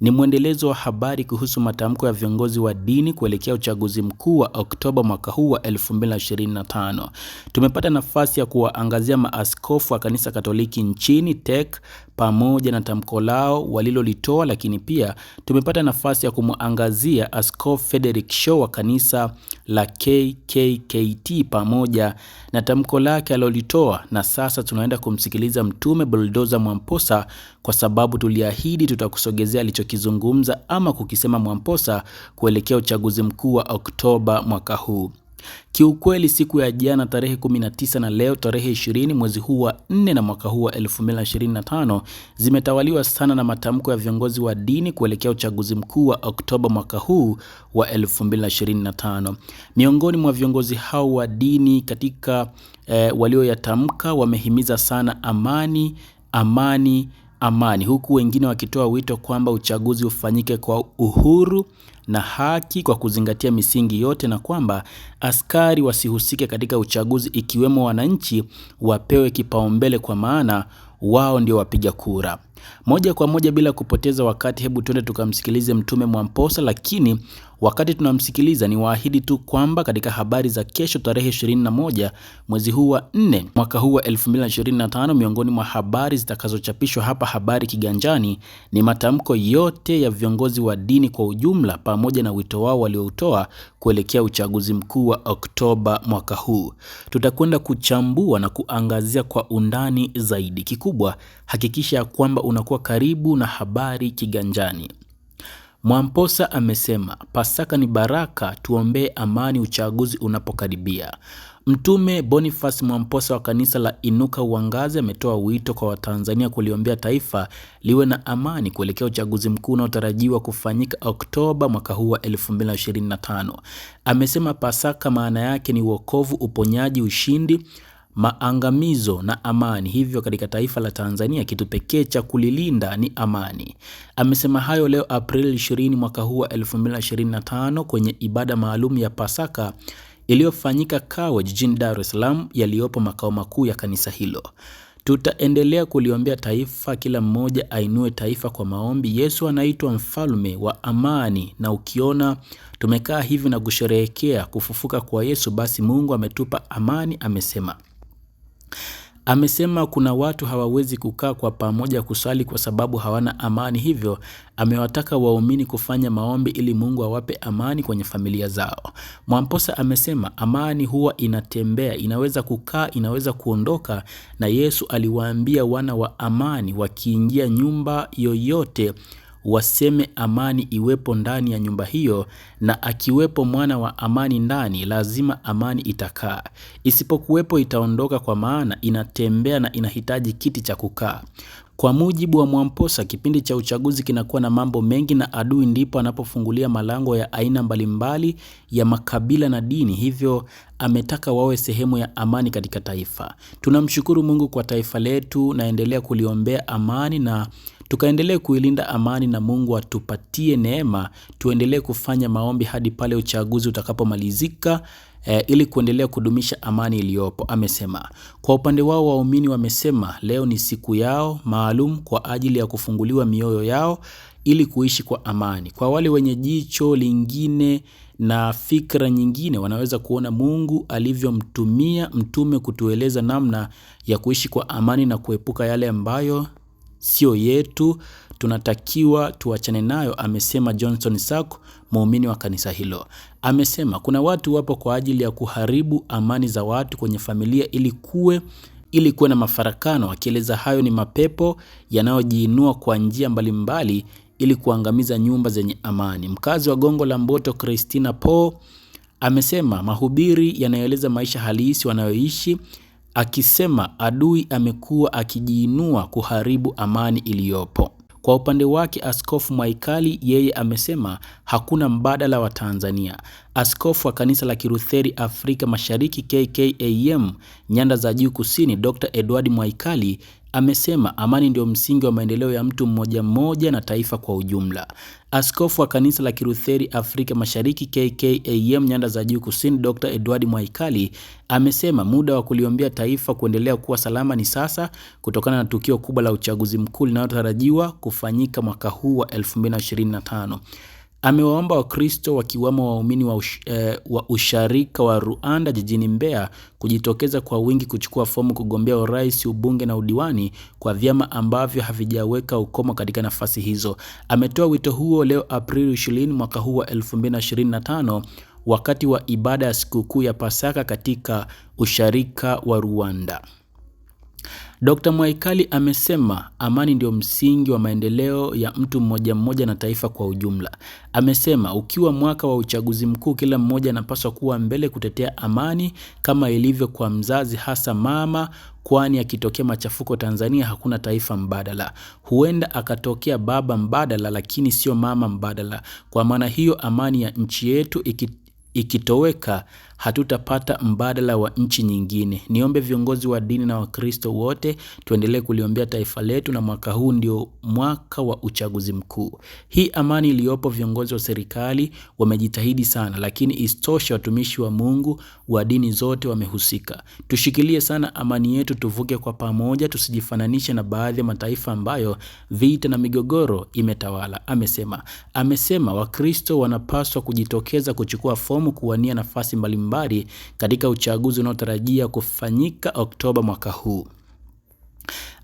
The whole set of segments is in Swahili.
ni mwendelezo wa habari kuhusu matamko ya viongozi wa dini kuelekea uchaguzi mkuu wa Oktoba mwaka huu wa 2025. Tumepata nafasi ya kuwaangazia maaskofu wa kanisa Katoliki nchini TEC, pamoja na tamko lao walilolitoa, lakini pia tumepata nafasi ya kumwangazia Askofu Frederick Shaw wa kanisa la KKKT pamoja na tamko lake alilolitoa, na sasa tunaenda kumsikiliza Mtume Bulldoza Mwamposa kwa sababu tuliahidi tutakusogezea alichokizungumza ama kukisema Mwamposa kuelekea uchaguzi mkuu wa Oktoba mwaka huu. Kiukweli siku ya jana tarehe 19 na leo tarehe 20 mwezi huu wa 4 na mwaka huu wa 2025 zimetawaliwa sana na matamko ya viongozi wa dini kuelekea uchaguzi mkuu wa Oktoba mwaka huu wa 2025. Miongoni mwa viongozi hao wa dini katika e, walioyatamka wamehimiza sana amani, amani, amani, huku wengine wakitoa wito kwamba uchaguzi ufanyike kwa uhuru na haki kwa kuzingatia misingi yote na kwamba askari wasihusike katika uchaguzi ikiwemo wananchi wapewe kipaumbele kwa maana wao ndio wapiga kura. Moja kwa moja bila kupoteza wakati, hebu twende tukamsikilize Mtume Mwamposa. Lakini wakati tunamsikiliza, ni waahidi tu kwamba katika habari za kesho tarehe 21 mwezi huu wa 4 mwaka huu wa 2025, miongoni mwa habari zitakazochapishwa hapa Habari Kiganjani ni matamko yote ya viongozi wa dini kwa ujumla, pamoja na wito wao walioutoa kuelekea uchaguzi mkuu wa Oktoba mwaka huu. Tutakwenda kuchambua na kuangazia kwa undani zaidi. Kikubwa hakikisha kwamba unakuwa karibu na habari kiganjani. Mwamposa amesema Pasaka ni baraka, tuombee amani uchaguzi unapokaribia. Mtume Boniface Mwamposa wa kanisa la Inuka Uangaze ametoa wito kwa Watanzania kuliombea taifa liwe na amani kuelekea uchaguzi mkuu unaotarajiwa kufanyika Oktoba mwaka huu wa 2025. Amesema Pasaka maana yake ni wokovu, uponyaji, ushindi maangamizo na amani. Hivyo katika taifa la Tanzania kitu pekee cha kulilinda ni amani. Amesema hayo leo april 20 mwaka huu wa 2025 kwenye ibada maalum ya Pasaka iliyofanyika Kawe jijini Dar es Salaam yaliyopo makao makuu ya kanisa hilo. Tutaendelea kuliombea taifa, kila mmoja ainue taifa kwa maombi. Yesu anaitwa mfalme wa amani, na ukiona tumekaa hivi na kusherehekea kufufuka kwa Yesu, basi Mungu ametupa amani, amesema. Amesema kuna watu hawawezi kukaa kwa pamoja kusali kwa sababu hawana amani, hivyo amewataka waumini kufanya maombi ili Mungu awape amani kwenye familia zao. Mwamposa amesema amani huwa inatembea, inaweza kukaa, inaweza kuondoka, na Yesu aliwaambia wana wa amani wakiingia nyumba yoyote waseme amani iwepo ndani ya nyumba hiyo, na akiwepo mwana wa amani ndani, lazima amani itakaa; isipokuwepo itaondoka, kwa maana inatembea na inahitaji kiti cha kukaa. Kwa mujibu wa Mwamposa, kipindi cha uchaguzi kinakuwa na mambo mengi, na adui ndipo anapofungulia malango ya aina mbalimbali ya makabila na dini, hivyo ametaka wawe sehemu ya amani katika taifa. Tunamshukuru Mungu kwa taifa letu, naendelea kuliombea amani na Tukaendelee kuilinda amani na Mungu atupatie neema, tuendelee kufanya maombi hadi pale uchaguzi utakapomalizika e, ili kuendelea kudumisha amani iliyopo, amesema. Kwa upande wao waumini wamesema leo ni siku yao maalum kwa ajili ya kufunguliwa mioyo yao ili kuishi kwa amani. Kwa wale wenye jicho lingine na fikra nyingine wanaweza kuona Mungu alivyomtumia mtume kutueleza namna ya kuishi kwa amani na kuepuka yale ambayo sio yetu, tunatakiwa tuachane nayo, amesema Johnson Sako, muumini wa kanisa hilo. Amesema kuna watu wapo kwa ajili ya kuharibu amani za watu kwenye familia ili kuwe ili kuwe na mafarakano. Akieleza hayo ni mapepo yanayojiinua kwa njia mbalimbali ili kuangamiza nyumba zenye amani. Mkazi wa Gongo la Mboto Christina Po amesema mahubiri yanayoeleza maisha halisi wanayoishi akisema adui amekuwa akijiinua kuharibu amani iliyopo. Kwa upande wake Askofu Mwaikali yeye amesema hakuna mbadala wa Tanzania. Askofu wa kanisa la kirutheri Afrika Mashariki KKAM nyanda za juu kusini, Dr Edward Mwaikali amesema amani ndio msingi wa maendeleo ya mtu mmoja mmoja na taifa kwa ujumla. Askofu wa kanisa la Kilutheri Afrika Mashariki KKAM Nyanda za Juu Kusini, Dr. Edward Mwaikali amesema muda wa kuliombea taifa kuendelea kuwa salama ni sasa kutokana na tukio kubwa la uchaguzi mkuu linalotarajiwa kufanyika mwaka huu wa 2025. Amewaomba Wakristo wakiwamo waumini wa, ush, eh, wa usharika wa Ruanda jijini Mbeya kujitokeza kwa wingi kuchukua fomu kugombea urais, ubunge na udiwani kwa vyama ambavyo havijaweka ukomo katika nafasi hizo. Ametoa wito huo leo Aprili 20 mwaka huu wa 2025 wakati wa ibada ya sikukuu ya Pasaka katika usharika wa Ruanda. Dr. Mwaikali amesema amani ndio msingi wa maendeleo ya mtu mmoja mmoja na taifa kwa ujumla. Amesema ukiwa mwaka wa uchaguzi mkuu, kila mmoja anapaswa kuwa mbele kutetea amani kama ilivyo kwa mzazi, hasa mama, kwani akitokea machafuko Tanzania hakuna taifa mbadala. Huenda akatokea baba mbadala, lakini sio mama mbadala. Kwa maana hiyo amani ya nchi yetu iki ikitoweka, hatutapata mbadala wa nchi nyingine. Niombe viongozi wa dini na Wakristo wote tuendelee kuliombea taifa letu, na mwaka huu ndio mwaka wa uchaguzi mkuu. Hii amani iliyopo, viongozi wa serikali wamejitahidi sana, lakini isitoshe, watumishi wa Mungu wa dini zote wamehusika. Tushikilie sana amani yetu, tuvuke kwa pamoja, tusijifananishe na baadhi ya mataifa ambayo vita na migogoro imetawala, amesema. Amesema Wakristo wanapaswa kujitokeza kuchukua fomu hamu kuwania nafasi mbalimbali katika uchaguzi unaotarajia kufanyika Oktoba mwaka huu.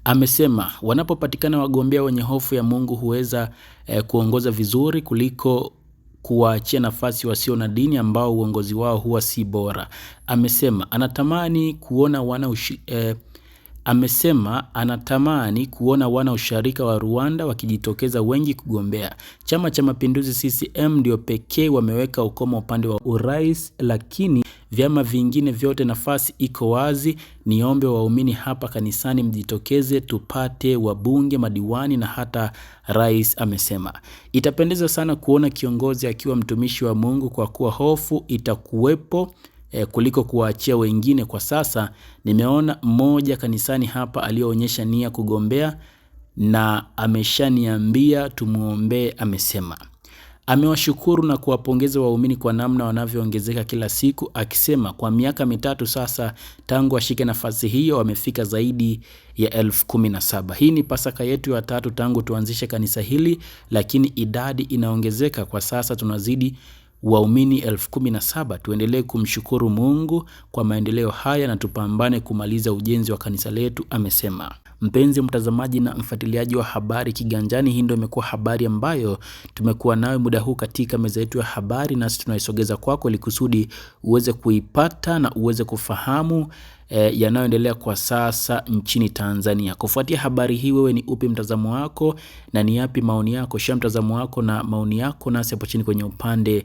Amesema wanapopatikana wagombea wenye hofu ya Mungu huweza eh, kuongoza vizuri kuliko kuwaachia nafasi wasio na dini ambao uongozi wao huwa si bora. Amesema anatamani kuona wana ushi, eh, amesema anatamani kuona wana ushirika wa Rwanda wakijitokeza wengi kugombea. Chama cha Mapinduzi CCM ndio pekee wameweka ukoma upande wa urais, lakini vyama vingine vyote nafasi iko wazi. Niombe waumini hapa kanisani mjitokeze, tupate wabunge, madiwani na hata rais, amesema. Itapendeza sana kuona kiongozi akiwa mtumishi wa Mungu kwa kuwa hofu itakuwepo e, kuliko kuwaachia wengine. Kwa sasa nimeona mmoja kanisani hapa aliyoonyesha nia kugombea na ameshaniambia tumwombee. Amesema amewashukuru na kuwapongeza waumini kwa namna wanavyoongezeka kila siku, akisema kwa miaka mitatu sasa tangu ashike nafasi hiyo wamefika zaidi ya elfu kumi na saba. Hii ni Pasaka yetu ya tatu tangu tuanzishe kanisa hili, lakini idadi inaongezeka. Kwa sasa tunazidi waumini elfu kumi na saba. Tuendelee kumshukuru Mungu kwa maendeleo haya na tupambane kumaliza ujenzi wa kanisa letu, amesema. Mpenzi mtazamaji na mfuatiliaji wa habari Kiganjani, hii ndio imekuwa habari ambayo tumekuwa nayo muda huu katika meza yetu ya habari, nasi tunaisogeza kwako ili kusudi uweze kuipata na uweze kufahamu E, yanayoendelea kwa sasa nchini Tanzania. Kufuatia habari hii, wewe ni upi mtazamo wako na ni yapi maoni yako? Shia mtazamo wako na maoni yako nasi hapo chini kwenye upande